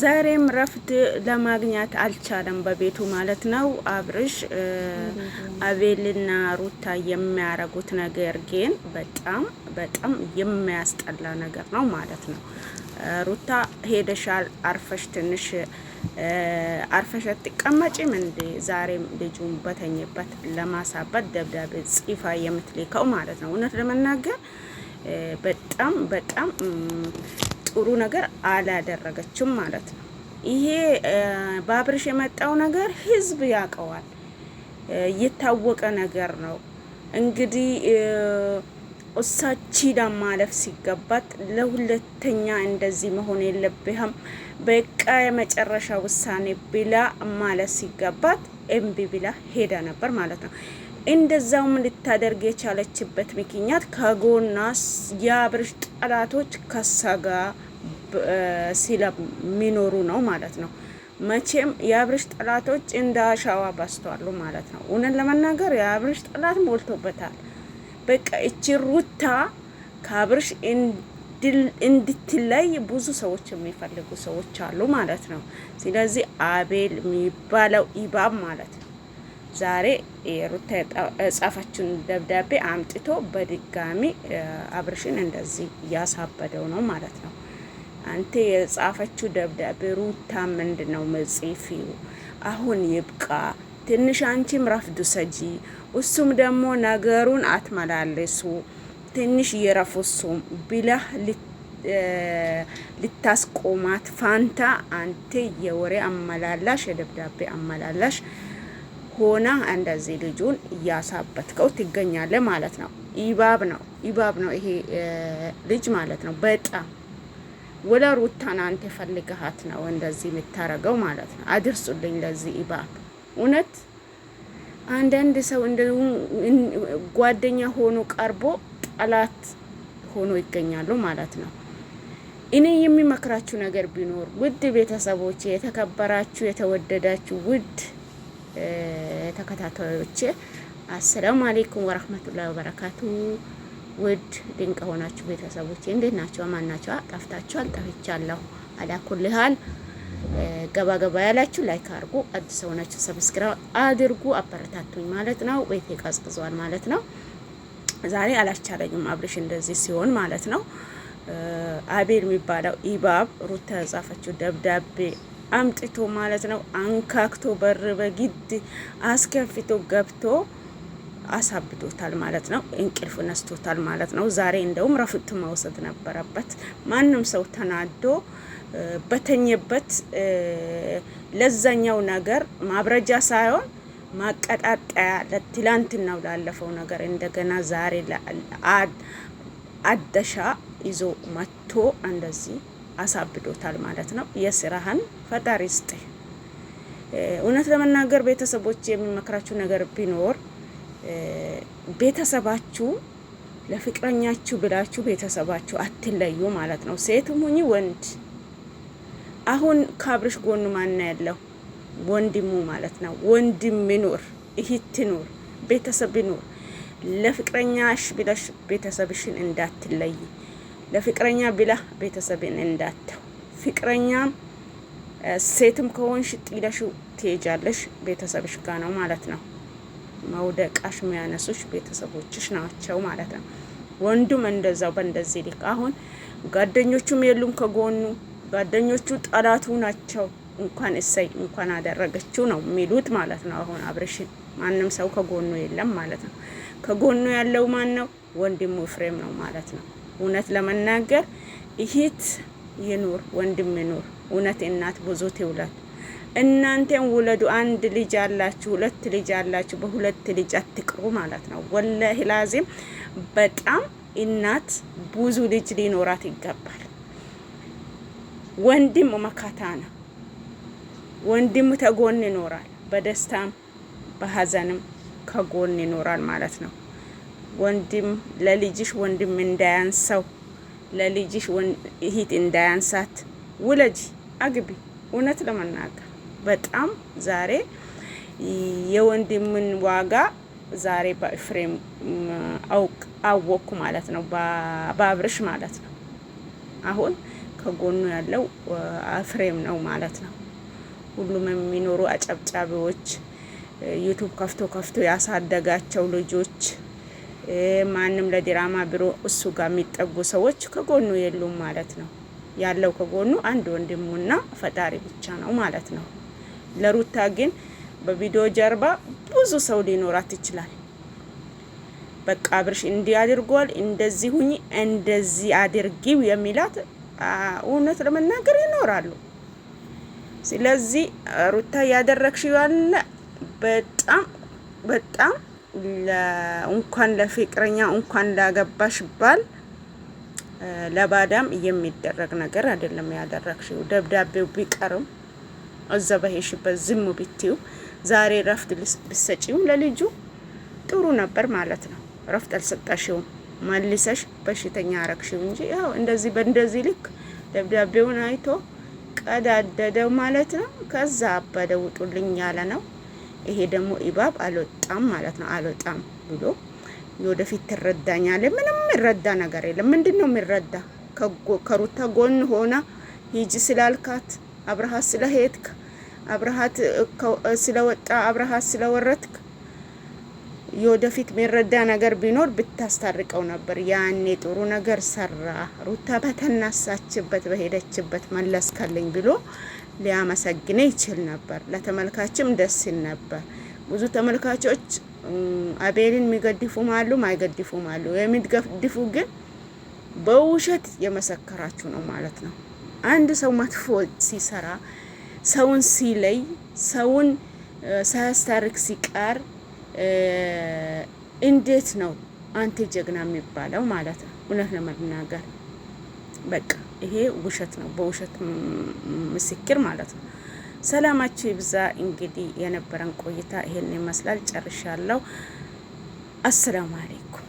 ዛሬም ረፍት ለማግኘት አልቻለም፣ በቤቱ ማለት ነው። አብርሽ አቤልና ሩታ የሚያረጉት ነገር ግን በጣም በጣም የሚያስጠላ ነገር ነው ማለት ነው። ሩታ ሄደሻል፣ አርፈሽ ትንሽ አርፈሽ አትቀመጪም እንዴ? ዛሬም ልጁን በተኝበት ለማሳበት ደብዳቤ ጽፋ የምትልከው ማለት ነው። እውነት ለመናገር በጣም በጣም ጥሩ ነገር አላደረገችም ማለት ነው። ይሄ በአብርሽ የመጣው ነገር ህዝብ ያውቀዋል፣ የታወቀ ነገር ነው። እንግዲህ እሳቺዳ ማለፍ ሲገባት ለሁለተኛ እንደዚህ መሆን የለብህም በቃ የመጨረሻ ውሳኔ ብላ ማለት ሲገባት ኤምቢ ብላ ሄዳ ነበር ማለት ነው። እንደዛውም ልታደርግ የቻለችበት ምክንያት ከጎና የአብርሽ ጠላቶች ከሳጋ ጋር ስለሚኖሩ ነው ማለት ነው። መቼም የአብርሽ ጠላቶች እንደ አሻዋ ባስተዋሉ ማለት ነው። እውነት ለመናገር የአብርሽ ጠላት ሞልቶበታል። በቃ እቺ ሩታ ከአብርሽ እንድትለይ ብዙ ሰዎች የሚፈልጉ ሰዎች አሉ ማለት ነው። ስለዚህ አቤል የሚባለው ኢባብ ማለት ነው ዛሬ የሩታ የጻፈችውን ደብዳቤ አምጥቶ በድጋሚ አብርሽን እንደዚህ እያሳበደው ነው ማለት ነው። አንተ የጻፈችው ደብዳቤ ሩታ ምንድን ነው መጽፊው? አሁን ይብቃ፣ ትንሽ አንቺም ረፍዱ ሰጂ፣ እሱም ደግሞ ነገሩን አትመላለሱ፣ ትንሽ ይረፉ እሱም ብለህ ልታስቆማት ፋንታ አንተ የወሬ አመላላሽ፣ የደብዳቤ አመላላሽ ሆና እንደዚህ ልጁን እያሳበትከው ትገኛለ ማለት ነው። ኢባብ ነው ኢባብ ነው ይሄ ልጅ ማለት ነው። በጣም ወላ ሩታን አንተ ፈልግሃት ነው እንደዚህ የምታረገው ማለት ነው። አድርሱልኝ ለዚህ ኢባብ እውነት አንዳንድ ሰው እንደውም ጓደኛ ሆኖ ቀርቦ ጠላት ሆኖ ይገኛሉ ማለት ነው። እኔ የሚመክራችሁ ነገር ቢኖር ውድ ቤተሰቦች፣ የተከበራችሁ የተወደዳችሁ ውድ ተከታታዮች አሰላሙ አሌይኩም ወረህመቱላሂ ወበረካቱ። ውድ ድንቅ ሆናችሁ ቤተሰቦች እንዴት ናቸው? ማን ናቸው? ጠፍታችኋል። ጠፍቻለሁ። አላኩልሃል ገባ ገባ ያላችሁ ላይክ አድርጉ። አዲስ ሆናችሁ ሰብስክራይብ አድርጉ። አበረታቱኝ ማለት ነው። ቤቴ ቀዝቅዟል ማለት ነው። ዛሬ አላስቻለኝም አብርሽ እንደዚህ ሲሆን ማለት ነው። አቤል የሚባለው ኢባብ ሩት ተጻፈችው ደብዳቤ አምጥቶ ማለት ነው አንካክቶ በር በግድ አስከፍቶ ገብቶ አሳብዶታል ማለት ነው። እንቅልፍ ነስቶታል ማለት ነው። ዛሬ እንደውም ረፍት መውሰድ ነበረበት። ማንም ሰው ተናዶ በተኘበት ለዛኛው ነገር ማብረጃ ሳይሆን ማቀጣጠያ ለትላንትናው ላለፈው ነገር እንደገና ዛሬ አደሻ ይዞ መጥቶ እንደዚህ አሳብዶታል ማለት ነው። የስራህን ፈጣሪ ስጥ። እውነት ለመናገር ቤተሰቦች የሚመክራችሁ ነገር ቢኖር ቤተሰባችሁ ለፍቅረኛችሁ ብላችሁ ቤተሰባችሁ አትለዩ ማለት ነው። ሴትም ሁኚ ወንድ። አሁን ካብርሽ ጎኑ ማና ያለው ወንድሙ ማለት ነው። ወንድም ይኑር፣ እህት ትኑር፣ ቤተሰብ ይኑር። ለፍቅረኛሽ ብለሽ ቤተሰብሽን እንዳትለይ። ለፍቅረኛ ብላ ቤተሰብን እንዳተው ፍቅረኛም ሴትም ከሆንሽ ጥለሽው ትሄጃለሽ። ቤተሰብሽ ጋ ነው ማለት ነው። መውደቃሽ የሚያነሱሽ ቤተሰቦችሽ ናቸው ማለት ነው። ወንዱም እንደዛው በእንደዚህ ልክ አሁን ጓደኞቹም የሉም ከጎኑ ጓደኞቹ ጠላቱ ናቸው። እንኳን እሰይ እንኳን አደረገችው ነው የሚሉት ማለት ነው። አሁን አብርሽን ማንም ሰው ከጎኑ የለም ማለት ነው። ከጎኑ ያለው ማን ነው? ወንድሙ ፍሬም ነው ማለት ነው። እውነት ለመናገር እህት ይኑር ወንድም ይኑር፣ እውነት እናት ብዙ ትውለድ። እናንተን ውለዱ። አንድ ልጅ አላችሁ፣ ሁለት ልጅ አላችሁ፣ በሁለት ልጅ አትቅሩ ማለት ነው። ወላሂ ላዚም በጣም እናት ብዙ ልጅ ሊኖራት ይገባል። ወንድም መካታ ነው። ወንድም ተጎን ይኖራል፣ በደስታም በሀዘንም ከጎን ይኖራል ማለት ነው። ወንድም ለልጅሽ ወንድም እንዳያንሰው ለልጅሽ እህት እንዳያንሳት ውለጅ አግቢ። እውነት ለመናገር በጣም ዛሬ የወንድምን ዋጋ ዛሬ በኤፍሬም አወቅኩ ማለት ነው፣ በአብርሽ ማለት ነው። አሁን ከጎኑ ያለው ኤፍሬም ነው ማለት ነው። ሁሉም የሚኖሩ አጨብጫቢዎች ዩቱብ ከፍቶ ከፍቶ ያሳደጋቸው ልጆች ማንም ለዲራማ ብሎ እሱ ጋር የሚጠጉ ሰዎች ከጎኑ የሉም ማለት ነው። ያለው ከጎኑ አንድ ወንድሙና ፈጣሪ ብቻ ነው ማለት ነው። ለሩታ ግን በቪዲዮ ጀርባ ብዙ ሰው ሊኖራት ይችላል። በቃ አብርሽ እንዲህ አድርጓል፣ እንደዚህ ሁኚ፣ እንደዚህ አድርጊው የሚላት እውነት ለመናገር ይኖራሉ። ስለዚህ ሩታ ያደረግሽ ያለ በጣም በጣም እንኳን ለፍቅረኛ እንኳን ላገባሽ ባል ለባዳም የሚደረግ ነገር አይደለም ያደረግሽው። ደብዳቤው ቢቀርም እዛ በሄድሽበት ዝም ብትይው፣ ዛሬ ረፍት ብሰጪው ለልጁ ጥሩ ነበር ማለት ነው። ረፍት አልሰጣሽውም፣ መልሰሽ በሽተኛ አረግሽው እንጂ ያው እንደዚህ በእንደዚህ ልክ ደብዳቤውን አይቶ ቀዳደደው ማለት ነው። ከዛ አበደ ውጡልኝ ያለ ነው። ይሄ ደግሞ ኢባብ አልወጣም ማለት ነው። አልወጣም ብሎ የወደፊት ትረዳኛለ። ምንም ይረዳ ነገር የለም። ምንድን ነው የሚረዳ? ከሩታ ጎን ሆነ ሂጂ ስላልካት አብረሃት ስለሄድክ አብረሃት ስለወጣ አብረሃት ስለወረትክ የወደፊት የሚረዳ ነገር ቢኖር ብታስታርቀው ነበር። ያኔ ጥሩ ነገር ሰራ፣ ሩታ በተናሳችበት በሄደችበት መለስከልኝ ብሎ ሊያመሰግነ ይችል ነበር። ለተመልካችም ደስ ይል ነበር። ብዙ ተመልካቾች አቤልን የሚገድፉም አሉ፣ ማይገድፉም አሉ። የሚገድፉ ግን በውሸት የመሰከራችሁ ነው ማለት ነው። አንድ ሰው መጥፎ ሲሰራ፣ ሰውን ሲለይ፣ ሰውን ሳያስታርክ ሲቀር እንዴት ነው አንተ ጀግና የሚባለው ማለት ነው? እውነት ለመናገር በቃ ይሄ ውሸት ነው፣ በውሸት ምስክር ማለት ነው። ሰላማችሁ ይብዛ። እንግዲህ የነበረን ቆይታ ይሄን ይመስላል። ጨርሻለሁ። አሰላሙ አለይኩም